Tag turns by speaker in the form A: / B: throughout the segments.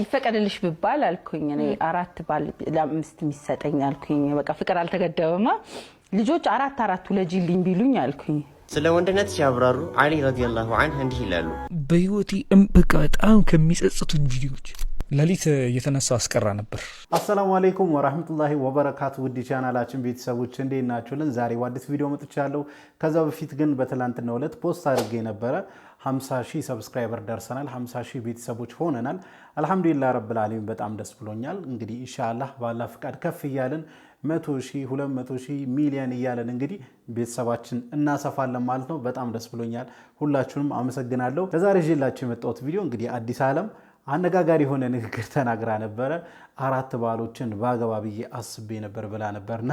A: ይፈቀድልሽ ብባል አልኩኝ እኔ አራት ባል ለአምስት የሚሰጠኝ አልኩኝ። በቃ ፍቅር አልተገደበማ ልጆች አራት አራት ውለጂልኝ ቢሉኝ አልኩኝ።
B: ስለ ወንድነት ሲያብራሩ አሊ ረዲየላሁ አንሁ እንዲህ ይላሉ።
C: በህይወቴ እምበቃ በጣም ከሚጸጽቱኝ ቪዲዮዎች ሌሊት እየተነሳ አስቀራ ነበር።
D: አሰላሙ አለይኩም ወራህመቱላሂ ወበረካቱ ውድ ቻናላችን ቤተሰቦች እንዴት ናችሁልን? ዛሬ አዲስ ቪዲዮ መጥቻለሁ። ከዛ በፊት ግን በትላንትናው ዕለት ፖስት አድርጌ ነበረ 50 ሺህ ሰብስክራይበር ደርሰናል። 50 ሺህ ቤተሰቦች ሆነናል። አልሐምዱሊላህ ረብል ዓለሚን በጣም ደስ ብሎኛል። እንግዲህ ኢንሻአላህ ባላ ፍቃድ ከፍ እያለን 100 ሺህ 200 ሺህ ሚሊዮን እያለን እንግዲህ ቤተሰባችን እናሰፋለን ማለት ነው። በጣም ደስ ብሎኛል። ሁላችሁንም አመሰግናለሁ። ለዛሬ ይዤላችሁ የመጣሁት ቪዲዮ እንግዲህ አዲስ ዓለም አነጋጋሪ የሆነ ንግግር ተናግራ ነበረ። አራት ባሎችን ባገባ ብዬ አስቤ ነበር ብላ ነበርና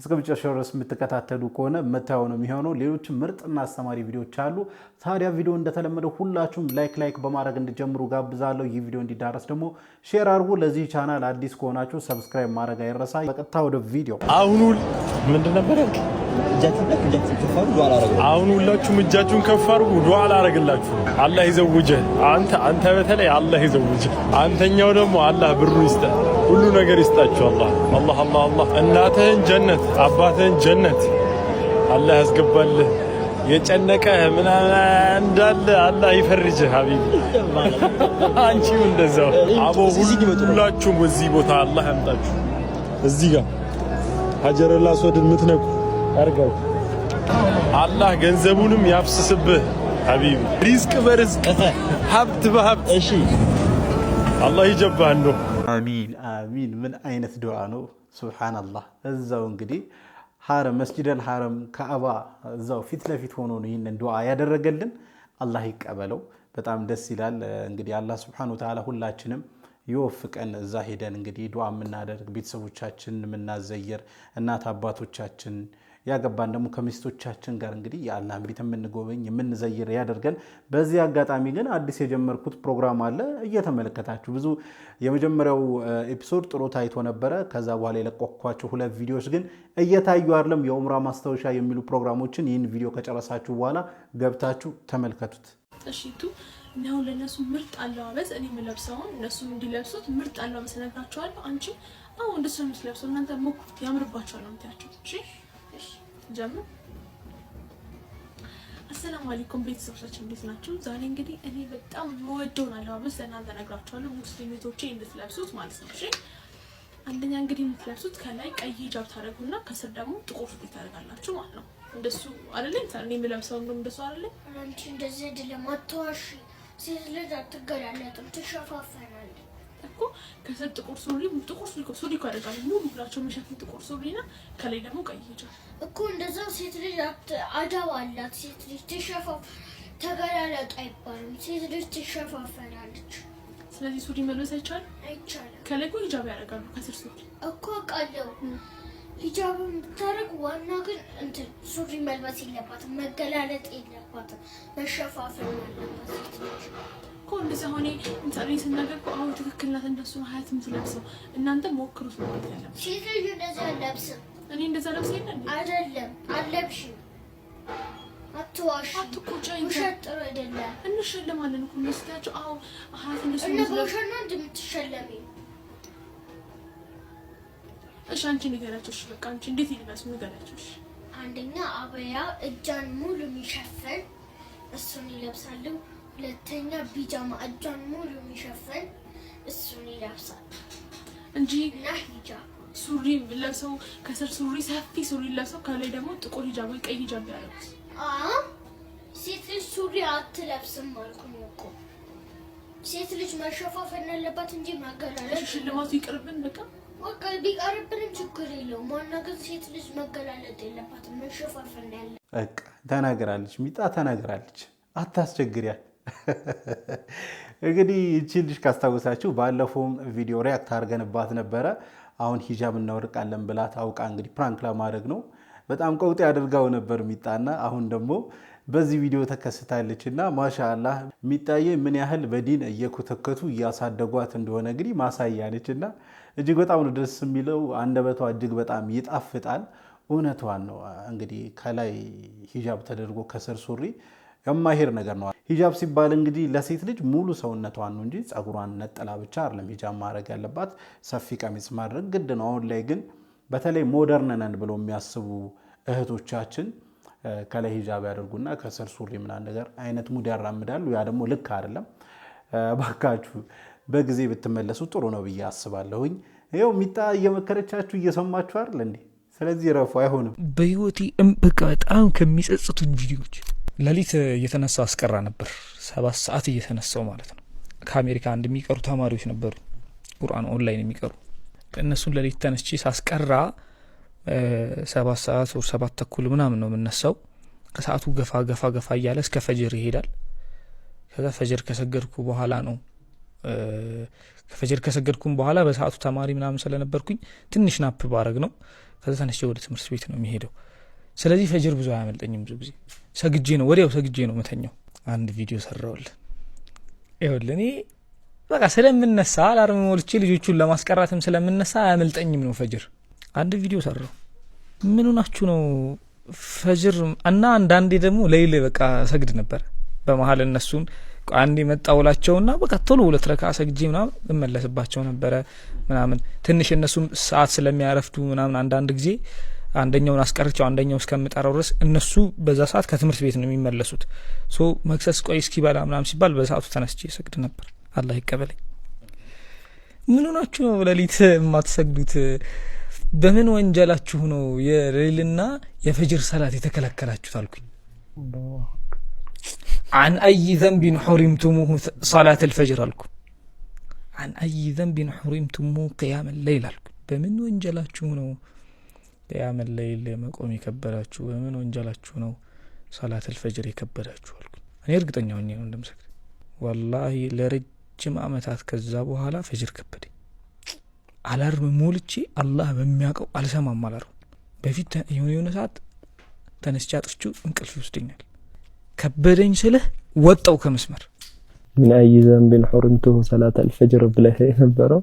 D: እስከ መጨረሻው ድረስ የምትከታተሉ ከሆነ መታየው ነው የሚሆነው። ሌሎች ምርጥና አስተማሪ ቪዲዮዎች አሉ። ታዲያ ቪዲዮ እንደተለመደው ሁላችሁም ላይክ ላይክ በማድረግ እንድጀምሩ ጋብዛለሁ። ይህ ቪዲዮ እንዲዳረስ ደግሞ ሼር አድርጉ። ለዚህ ቻናል አዲስ ከሆናችሁ ሰብስክራይብ ማድረግ አይረሳ። በቀጥታ ወደ ቪዲዮ
E: አሁኑ ምንድን ነበር አሁን ሁላችሁም እጃችሁን ከፍ አድርጉ። ዱዓ አላረግላችሁ። አላህ ይዘውጀ። አንተ አንተ በተለይ አላህ ይዘውጀ። አንተኛው ደግሞ አላህ ብሩ ይስጠ ሁሉ ነገር ይስጣችሁ። አላህ አላህ አላህ አላህ እናትህን ጀነት አባትህን ጀነት አላህ ያስገባልህ። የጨነቀህ ምናምን እንዳለ አላህ ይፈርጅህ። ሀቢብ አንቺም እንደዛው አቦ፣ ሁላችሁም በዚህ ቦታ አላህ ያምጣችሁ። እዚህ ጋር ሀጀረል አስወድን ምትነቁ አርጋው አላህ ገንዘቡንም ያፍስስብህ። ሀቢብ ሪዝቅ በርዝቅ ሀብት በሀብት እሺ አላህ ይጀባህ ነው
D: አሚን አሚን። ምን አይነት ዱዓ ነው! ሱብሓነላህ። እዛው እንግዲህ ሐረም መስጂደል ሐረም ከአባ እዛው ፊት ለፊት ሆኖ ነው ይህንን ዱዓ ያደረገልን። አላህ ይቀበለው። በጣም ደስ ይላል። እንግዲህ አላህ ሱብሓነሁ ወተዓላ ሁላችንም ይወፍቀን። እዛ ሄደን እንግዲህ ዱዓ የምናደርግ ቤተሰቦቻችን የምናዘየር እናት አባቶቻችን ያገባን ደግሞ ከሚስቶቻችን ጋር እንግዲህ የአላህን ቤት የምንጎበኝ የምንዘይር ያደርገን። በዚህ አጋጣሚ ግን አዲስ የጀመርኩት ፕሮግራም አለ እየተመለከታችሁ ብዙ የመጀመሪያው ኤፒሶድ ጥሩ ታይቶ ነበረ። ከዛ በኋላ የለቀኳቸው ሁለት ቪዲዮዎች ግን እየታዩ አይደለም። የኡምራ ማስታወሻ የሚሉ ፕሮግራሞችን ይህን ቪዲዮ ከጨረሳችሁ በኋላ ገብታችሁ ተመልከቱት።
F: ጥሺቱ እኔ አሁን ለእነሱ ምርጥ አለባበስ እኔ የምለብሰውን እነሱም እንዲለብሱት ምርጥ አለባበስ እነግራቸዋለሁ። አንቺ አሁ እንደሱ የምትለብሰው እናንተ ሞክሩት፣ ያምርባቸዋል ነው ምትያቸው ጀምር። አሰላሙ አለይኩም ቤተሰቦቻችን እንዴት ናቸው? ዛሬ እንግዲህ እኔ በጣም የምወደውን አለባበስ ለእናንተ እነግራችኋለሁ። ሙስሊሜቶቼ እንድትለብሱት ማለት ነው። እሺ አንደኛ እንግዲህ የምትለብሱት ከላይ ቀይ ሂጃብ ታደርጉና ከስር ደግሞ ጥቁር ሱሪ ታደርጋላችሁ ማለት ነው። እንደሱ አይደለ? እኔ የምለብሰው ነው። እንደሱ አይደለ?
G: አንቺ እንደዚህ አይደለም። አትዋሺ። ሴት ልጅ አትገላለጥም፣ ትሸፋፈናል
F: እኮ ከስር ጥቁር ሱሪ ጥቁር ሱሪ ሱሪ እኮ ያደርጋሉ ሙሉ ሁላቸው የሚሸፍን ጥቁር ሱሪና ከላይ ደግሞ ቀይ ሂጃብ
G: እኮ እንደዛ። ሴት ልጅ አደብ አላት። ሴት ልጅ ትሸፋ ተገላለጥ አይባልም። ሴት ልጅ ትሸፋፈናለች።
F: ስለዚህ ሱሪ መልበስ አይቻልም፣ አይቻልም። ከላይ እኮ ሂጃብ ያደርጋሉ ከስር ሱሪ
G: እኮ ቃለው ሂጃብን የምታደርግ ዋና ግን እንትን ሱሪ መልበስ የለባትም፣ መገላለጥ የለባትም፣ መሸፋፈን ያለባት ሴት
F: ልጅ እኮ እንደዚህ ሆኔ ጸሪ ስናገር እኮ አሁን ትክክል ናት። እንደሱ ሀያት የምትለብሰው እናንተ ሞክሩት ማለት ያለም
G: ሴት ልጅ እንደዛ አለብስም።
F: እኔ እንደዛ ለብስ የለ
G: አይደለም አለብሽ። አትዋሽ፣ አትቁጫ። ውሸት ጥሩ አይደለም።
F: እንሸለማለን እኮ መስላቸው። አዎ ሀያት እንደሱ እነ
G: በውሸና እንደምትሸለሚ
F: እሺ፣ አንቺ ንገራቸው። እሺ በቃ አንቺ እንዴት ይልበሱ ንገራቸው። እሺ
G: አንደኛ አበያ እጃን ሙሉ የሚሸፍን እሱን ይለብሳለሁ። ሁለተኛ ቢጫ እጇን ሙሉ የሚሸፍን እሱን ይለብሳል እንጂ እና ሂጃብ
F: ሱሪ ለብሰው ከስር ሱሪ ሰፊ ሱሪ ለብሰው ከላይ ደግሞ ጥቁር ሂጃብ ወይ ቀይ ሂጃብ ያለው
G: ሴት ልጅ ሱሪ አትለብስም አልኩ ነው እኮ። ሴት ልጅ መሸፋፈን ያለባት እንጂ መገላለጥ።
F: ሽልማቱ ይቅርብን በቃ
G: ወቃ ቢቀርብንም ችግር የለው። ዋና ግን ሴት ልጅ መገላለጥ የለባትም መሸፋፈን ያለ
D: በቃ ተናግራለች። ሚጣ ተናግራለች። አታስቸግሪያል እንግዲህ ይቺ ልጅ ካስታወሳችሁ ባለፈውም ቪዲዮ ሪያክት አድርገንባት ነበረ። አሁን ሂጃብ እናወርቃለን ብላ ታውቃ እንግዲህ ፕራንክ ለማድረግ ነው። በጣም ቀውጤ አድርጋው ነበር ሚጣና አሁን ደግሞ በዚህ ቪዲዮ ተከስታለች እና ማሻአላህ የሚታየ ምን ያህል በዲን እየኮተከቱ እያሳደጓት እንደሆነ እንግዲህ ማሳያ ነች እና እጅግ በጣም ነው ደስ የሚለው። አንደበቷ እጅግ በጣም ይጣፍጣል። እውነቷን ነው እንግዲህ ከላይ ሂጃብ ተደርጎ ከስር ሱሪ የማይሄድ ነገር ነው። ሂጃብ ሲባል እንግዲህ ለሴት ልጅ ሙሉ ሰውነቷን ነው እንጂ ጸጉሯን ነጠላ ብቻ አይደለም ሂጃብ ማድረግ ያለባት። ሰፊ ቀሚስ ማድረግ ግድ ነው። አሁን ላይ ግን በተለይ ሞደርን ነን ብለው የሚያስቡ እህቶቻችን ከላይ ሂጃብ ያደርጉና ከስር ሱሪ ምናምን ነገር አይነት ሙድ ያራምዳሉ። ያ ደግሞ ልክ አይደለም። እባካችሁ በጊዜ ብትመለሱ ጥሩ ነው ብዬ አስባለሁኝ። ይኸው ሚጣ እየመከረቻችሁ እየሰማችሁ አይደል እንዴ? ስለዚህ ረፉ አይሆንም።
C: በህይወቴ እምብቃ በጣም ከሚጸጽቱን ቪዲዮች ሌሊት እየተነሳው አስቀራ ነበር። ሰባት ሰዓት እየተነሳው ማለት ነው። ከአሜሪካ አንድ የሚቀሩ ተማሪዎች ነበሩ፣ ቁርአን ኦንላይን የሚቀሩ እነሱን ሌሊት ተነስቼ ሳስቀራ ሰባት ሰዓት ወር ሰባት ተኩል ምናምን ነው የምነሳው። ከሰዓቱ ገፋ ገፋ ገፋ እያለ እስከ ፈጅር ይሄዳል። ከዛ ፈጅር ከሰገድኩ በኋላ ነው ከፈጅር ከሰገድኩም በኋላ በሰዓቱ ተማሪ ምናምን ስለነበርኩኝ ትንሽ ናፕ ባረግ ነው። ከዛ ተነስቼ ወደ ትምህርት ቤት ነው የሚሄደው። ስለዚህ ፈጅር ብዙ አያመልጠኝም። ብዙ ጊዜ ሰግጄ ነው ወዲያው ሰግጄ ነው መተኛው። አንድ ቪዲዮ ሰራውል ይሁል እኔ በቃ ስለምነሳ አላርም ሞልቼ ልጆቹን ለማስቀራትም ስለምነሳ አያመልጠኝም ነው ፈጅር። አንድ ቪዲዮ ሰራው። ምኑ ናችሁ ነው ፈጅር እና አንዳንዴ ደግሞ ለይል በቃ ሰግድ ነበር በመሀል እነሱን አንዴ መጣውላቸውና በቃ ቶሎ ሁለት ረካ ሰግጄ ምናምን እመለስባቸው ነበረ ምናምን ትንሽ እነሱም ሰዓት ስለሚያረፍዱ ምናምን አንዳንድ ጊዜ አንደኛውን አስቀርቸው አንደኛው እስከምጠራው ድረስ እነሱ በዛ ሰዓት ከትምህርት ቤት ነው የሚመለሱት። ሶ መክሰስ ቆይ እስኪበላ ምናም ሲባል በሰዓቱ ተነስቼ የሰግድ ነበር። አላህ ይቀበለኝ። ምን ሆናችሁ ነው የማትሰግዱት? በምን ወንጀላችሁ ነው የሌልና የፈጅር ሰላት የተከለከላችሁት? አልኩኝ። አን አይ ዘንቢን ሑሪምቱሙሁ ሰላት አልፈጅር አልኩ። አን አይ ዘንቢን ሑሪምቱሙሁ ቅያም ሌይል አልኩ። በምን ወንጀላችሁ ነው ለያመን ለይል መቆም የከበዳችሁ በምን ወንጀላችሁ ነው ሰላት ልፈጅር የከበዳችሁ አልኩ። እኔ እርግጠኛ ሆኜ ነው እንደምሰግድ። ወላሂ ለረጅም አመታት ከዛ በኋላ ፈጅር ከበደ አላርም ሞልቼ አላህ በሚያውቀው አልሰማም አላርም። በፊት የሆነ የሆነ ሰዓት ተነስቼ አጥፍቼው እንቅልፍ ይወስደኛል። ከበደኝ ስልህ ወጣው ከመስመር
H: ምን አይ ዘንብን ሑርምቱ ሰላት አልፈጅር ብለህ የነበረው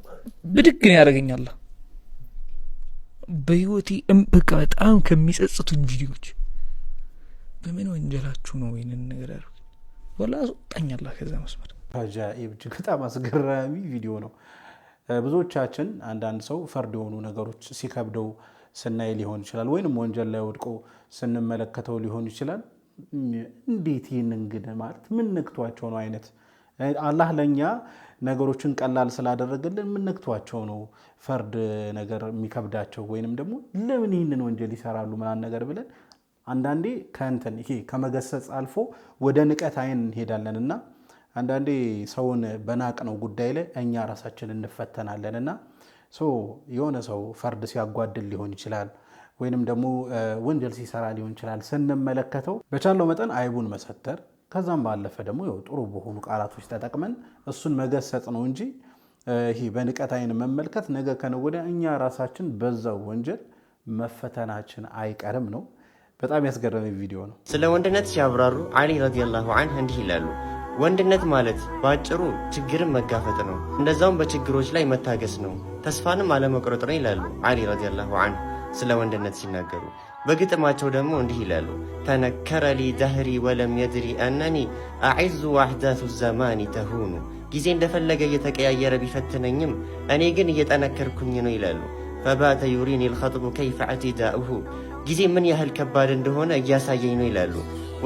C: ብድግን ያደረገኛል። በህይወቴ እምብቅ በጣም ከሚጸጽቱኝ ቪዲዮዎች በምን ወንጀላችሁ ነው ይህንን ነገር ያሉ ወላ ሶጣኛላ ከዛ መስመር
D: አጃኢብ እጅግ በጣም አስገራሚ ቪዲዮ ነው። ብዙዎቻችን አንዳንድ ሰው ፈርድ የሆኑ ነገሮች ሲከብደው ስናይ ሊሆን ይችላል፣ ወይንም ወንጀል ላይ ወድቆ ስንመለከተው ሊሆን ይችላል። እንዴት ይህንን ግን ማለት ምን ነክቷቸው ነው አይነት አላህ ለእኛ ነገሮችን ቀላል ስላደረገልን የምንክቷቸው ነው። ፈርድ ነገር የሚከብዳቸው ወይንም ደግሞ ለምን ይህንን ወንጀል ይሰራሉ ምናምን ነገር ብለን አንዳንዴ ከእንትን ይሄ ከመገሰጽ አልፎ ወደ ንቀት አይን እንሄዳለን እና አንዳንዴ ሰውን በናቅ ነው ጉዳይ ላይ እኛ ራሳችን እንፈተናለን እና የሆነ ሰው ፈርድ ሲያጓድል ሊሆን ይችላል ወይንም ደግሞ ወንጀል ሲሰራ ሊሆን ይችላል። ስንመለከተው በቻለው መጠን አይቡን መሰተር ከዛም ባለፈ ደግሞ ጥሩ በሆኑ ቃላቶች ተጠቅመን እሱን መገሰጥ ነው እንጂ ይህ በንቀት አይን መመልከት ነገ ከነወዲያ እኛ ራሳችን በዛው ወንጀል መፈተናችን አይቀርም ነው። በጣም ያስገረመ ቪዲዮ ነው።
B: ስለ ወንድነት ሲያብራሩ አሊ ረዲየላሁ አንህ እንዲህ ይላሉ። ወንድነት ማለት በአጭሩ ችግርን መጋፈጥ ነው፣ እንደዛውም በችግሮች ላይ መታገስ ነው፣ ተስፋንም አለመቁረጥ ነው ይላሉ አሊ ረዲየላሁ አንህ ስለ ወንድነት ሲናገሩ በግጥማቸው ደግሞ እንዲህ ይላሉ። ተነከረ ሊ ደህሪ ወለም የድሪ አነኒ አዒዙ ዋሕዳቱ ዘማኒ ተሁኑ። ጊዜ እንደፈለገ እየተቀያየረ ቢፈትነኝም እኔ ግን እየጠነከርኩኝ ነው ይላሉ። ፈባተ ዩሪኒ ልኸጥቡ ከይፈ ዕቲዳእሁ ጊዜ ምን ያህል ከባድ እንደሆነ እያሳየኝ ነው ይላሉ።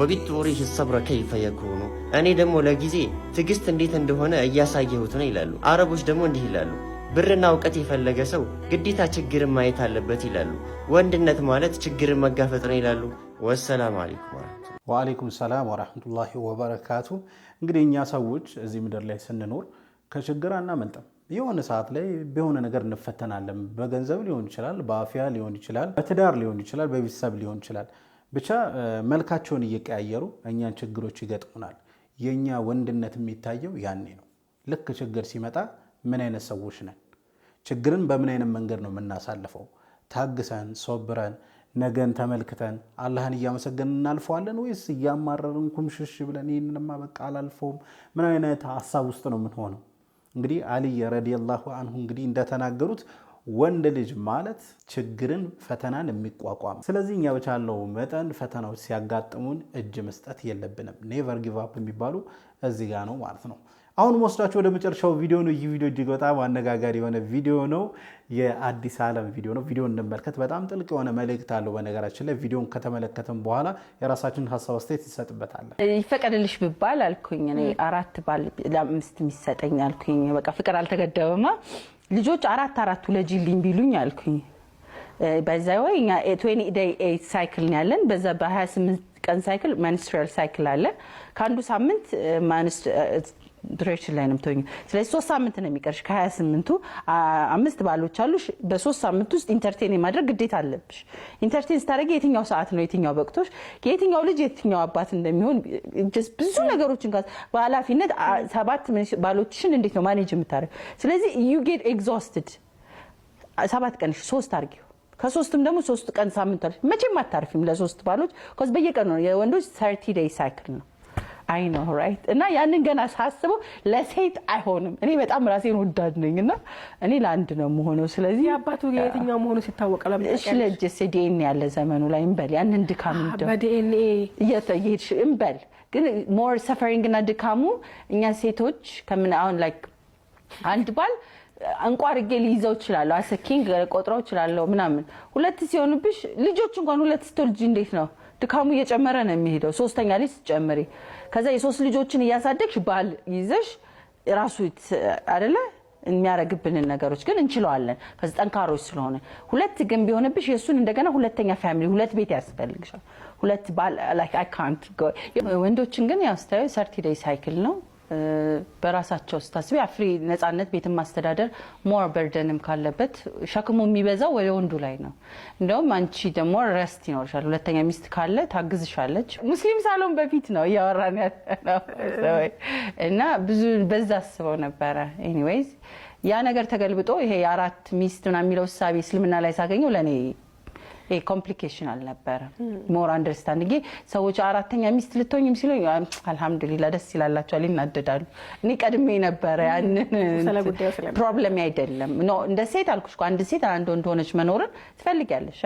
B: ወቢት ሪህ ሰብረ ከይፈ የኩኑ እኔ ደግሞ ለጊዜ ትዕግሥት እንዴት እንደሆነ እያሳየሁት ነው ይላሉ። አረቦች ደግሞ እንዲህ ይላሉ ብርና እውቀት የፈለገ ሰው ግዴታ ችግርን ማየት አለበት ይላሉ። ወንድነት ማለት ችግርን መጋፈጥ ነው ይላሉ። ወሰላም አለይኩም
D: ወአለይኩም ሰላም ወራህመቱላሂ ወበረካቱ። እንግዲህ እኛ ሰዎች እዚህ ምድር ላይ ስንኖር ከችግር አናመልጥም። የሆነ ሰዓት ላይ በሆነ ነገር እንፈተናለን። በገንዘብ ሊሆን ይችላል፣ በአፍያ ሊሆን ይችላል፣ በትዳር ሊሆን ይችላል፣ በቤተሰብ ሊሆን ይችላል። ብቻ መልካቸውን እየቀያየሩ እኛን ችግሮች ይገጥሙናል። የእኛ ወንድነት የሚታየው ያኔ ነው። ልክ ችግር ሲመጣ ምን አይነት ሰዎች ነን ችግርን በምን አይነት መንገድ ነው የምናሳልፈው? ታግሰን ሶብረን ነገን ተመልክተን አላህን እያመሰገን እናልፈዋለን ወይስ እያማረርን ኩምሽሽ ብለን ይህንንማ በቃ አላልፈውም፣ ምን አይነት ሀሳብ ውስጥ ነው የምንሆነው? እንግዲህ አልየ ረዲየላሁ አንሁ እንግዲህ እንደተናገሩት ወንድ ልጅ ማለት ችግርን ፈተናን የሚቋቋም ስለዚህ እኛ በቻለው መጠን ፈተናዎች ሲያጋጥሙን እጅ መስጠት የለብንም። ኔቨር ጊቭ አፕ የሚባሉ እዚህ ጋ ነው ማለት ነው። አሁን ወስዳችሁ ወደ መጨረሻው ቪዲዮ ነው። ይህ ቪዲዮ እጅግ በጣም አነጋጋሪ የሆነ ቪዲዮ ነው። የአዲስ ዓለም ቪዲዮ ነው። ቪዲዮ እንመልከት። በጣም ጥልቅ የሆነ መልእክት አለው። በነገራችን ላይ ቪዲዮን ከተመለከተም በኋላ የራሳችንን ሀሳብ አስተያየት ይሰጥበታል።
A: ይፈቀድልሽ ብባል አልኩኝ እኔ አራት ባል ለአምስት የሚሰጠኝ አልኩኝ። በቃ ፍቅር አልተገደበማ። ልጆች አራት አራት ውለጂልኝ ቢሉኝ አልኩኝ። በዛ ወይ እኛ ትዌንቲ ዴይ ኤይት ሳይክል ነው ያለን። በዛ በ28 ቀን ሳይክል ማንስትሪያል ሳይክል አለ። ከአንዱ ሳምንት ፕሬሽን ላይ ነው የምትሆኝ። ስለዚህ ሶስት ሳምንት ነው የሚቀርሽ። ከሀያ ስምንቱ አምስት ባሎች አሉ። በሶስት ሳምንት ውስጥ ኢንተርቴን የማድረግ ግዴታ አለብሽ። ኢንተርቴን ስታደረግ የትኛው ሰዓት ነው የትኛው በቅቶች የትኛው ልጅ የትኛው አባት እንደሚሆን ብዙ ነገሮችን በኃላፊነት ሰባት ባሎችሽን እንዴት ነው ማኔጅ የምታደረግ። ስለዚህ ዩ ጌት ኤግዞስትድ። ሰባት ቀንሽ ሶስት አርጊ ከሶስትም ደግሞ ሶስት ቀን ሳምንት መቼም አታርፊም። ለሶስት ባሎች በየቀኑ ነው የወንዶች ሰርቲ ደይ ሳይክል ነው አይ ነው ራይት። እና ያንን ገና ሳስበው ለሴት አይሆንም። እኔ በጣም ራሴን ወዳድ ነኝ እና እኔ ለአንድ ነው መሆነው። ስለዚህ
F: አባቱ የትኛው መሆኑ ሲታወቀ
A: ለምለጅስ ዲኤንኤ ያለ ዘመኑ ላይ እንበል ያንን ድካም በዲኤንኤ እንበል ግን ሞር ሰፈሪንግ እና ድካሙ እኛ ሴቶች ከምን አሁን ላይክ አንድ ባል አንቋርጌ ሊይዘው እችላለሁ፣ አሰ ኪንግ ቆጥረው እችላለሁ ምናምን። ሁለት ሲሆንብሽ ልጆች እንኳን ሁለት ስትወልጂ እንዴት ነው ድካሙ እየጨመረ ነው የሚሄደው። ሶስተኛ ልጅ ስትጨምሪ ከዛ የሶስት ልጆችን እያሳደግሽ ባል ይዘሽ ራሱ አደለ የሚያደርግብንን ነገሮች ግን እንችለዋለን። ከዚ ጠንካሮች ስለሆነ ሁለት ግን ቢሆንብሽ የእሱን እንደገና ሁለተኛ ፋሚሊ ሁለት ቤት ያስፈልግሻል። ሁለት ባል ወንዶችን ግን ያው ስታዩ ሰርቲ ደይ ሳይክል ነው በራሳቸው ስታስቢ አፍሪ ነጻነት ቤትን ማስተዳደር ሞር በርደንም ካለበት ሸክሙ የሚበዛው ወደ ወንዱ ላይ ነው። እንደውም አንቺ ደግሞ ረስት ይኖርሻል፣ ሁለተኛ ሚስት ካለ ታግዝሻለች። ሙስሊም ሳሎን በፊት ነው እያወራን ያለነው እና ብዙ በዛ አስበው ነበረ። ኤኒዌይዝ ያ ነገር ተገልብጦ ይሄ የአራት ሚስት ምናምን የሚለው እሳቤ እስልምና ላይ ሳገኘው ለእኔ ኮምፕሊኬሽን አልነበረ ሞር አንደርስታንድ ሰዎች አራተኛ ሚስት ልትሆኝም ሲሉ አልሐምዱሊላ ደስ ይላላቸዋል፣ ይናደዳሉ። እኔ ቀድሜ ነበረ ያንን ፕሮብለም አይደለም። ኖ እንደ ሴት አልኩሽ አንድ ሴት አንድ ወንድ ሆነች መኖርን ትፈልጊያለሽ፣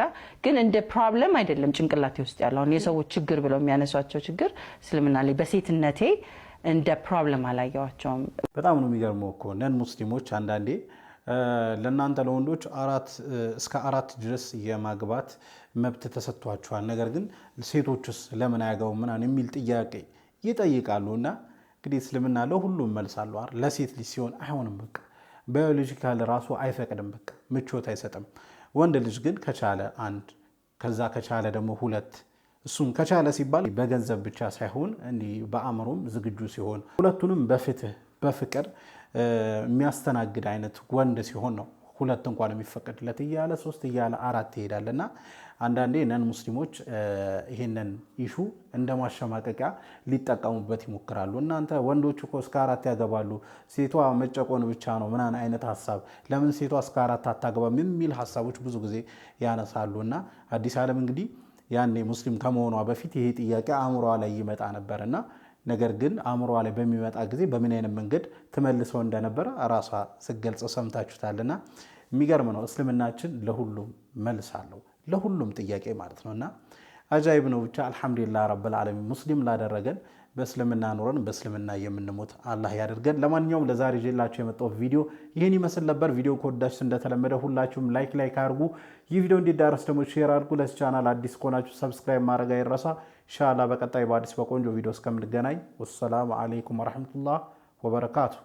A: ግን እንደ ፕሮብለም አይደለም ጭንቅላቴ ውስጥ ያለው አሁን የሰዎች ችግር ብለው የሚያነሷቸው ችግር እስልምና ላይ በሴትነቴ እንደ ፕሮብለም አላየዋቸውም።
D: በጣም ነው የሚገርመው እኮ ነን ሙስሊሞች አንዳንዴ ለእናንተ ለወንዶች እስከ አራት ድረስ የማግባት መብት ተሰጥቷችኋል። ነገር ግን ሴቶችስ ለምን አያገቡ ምናን የሚል ጥያቄ ይጠይቃሉ። እና እንግዲህ እስልምና ለሁሉም መልስ አለው። ለሴት ልጅ ሲሆን አይሆንም፣ በቃ ባዮሎጂካል ራሱ አይፈቅድም፣ በቃ ምቾት አይሰጥም። ወንድ ልጅ ግን ከቻለ አንድ ከዛ ከቻለ ደግሞ ሁለት እሱም ከቻለ ሲባል በገንዘብ ብቻ ሳይሆን እንዲህ በአእምሮም ዝግጁ ሲሆን ሁለቱንም በፍትህ በፍቅር የሚያስተናግድ አይነት ወንድ ሲሆን ነው ሁለት እንኳን የሚፈቀድለት እያለ ሶስት እያለ አራት ይሄዳል እና አንዳንዴ ነን ሙስሊሞች ይህንን ኢሹ እንደ ማሸማቀቂያ ሊጠቀሙበት ይሞክራሉ። እናንተ ወንዶች እኮ እስከ አራት ያገባሉ፣ ሴቷ መጨቆን ብቻ ነው ምናምን አይነት ሀሳብ፣ ለምን ሴቷ እስከ አራት አታገባም የሚል ሀሳቦች ብዙ ጊዜ ያነሳሉ እና አዲስ ዓለም እንግዲህ ያኔ ሙስሊም ከመሆኗ በፊት ይሄ ጥያቄ አእምሯ ላይ ይመጣ ነበር እና ነገር ግን አእምሯ ላይ በሚመጣ ጊዜ በምን አይነት መንገድ ትመልሰው እንደነበረ ራሷ ስትገልጽ ሰምታችሁታልና የሚገርም ነው። እስልምናችን ለሁሉም መልስ አለው፣ ለሁሉም ጥያቄ ማለት ነው እና አጃይብ ነው። ብቻ አልሐምዱሊላህ ረብል ዓለሚን ሙስሊም ላደረገን በእስልምና ኑረን በእስልምና የምንሞት አላህ ያደርገን። ለማንኛውም ለዛሬ ጀላችሁ የመጣው ቪዲዮ ይህን ይመስል ነበር። ቪዲዮ ከወዳችሁ እንደተለመደ ሁላችሁም ላይክ ላይክ አድርጉ። ይህ ቪዲዮ እንዲዳረስ ደግሞ ሼር አድርጉ። ለዚህ ቻናል አዲስ ከሆናችሁ ሰብስክራይብ ማድረግ አይረሳ። ኢንሻላ በቀጣይ በአዲስ በቆንጆ ቪዲዮ እስከምንገናኝ ወሰላሙ አለይኩም ወረሕመቱላህ ወበረካቱ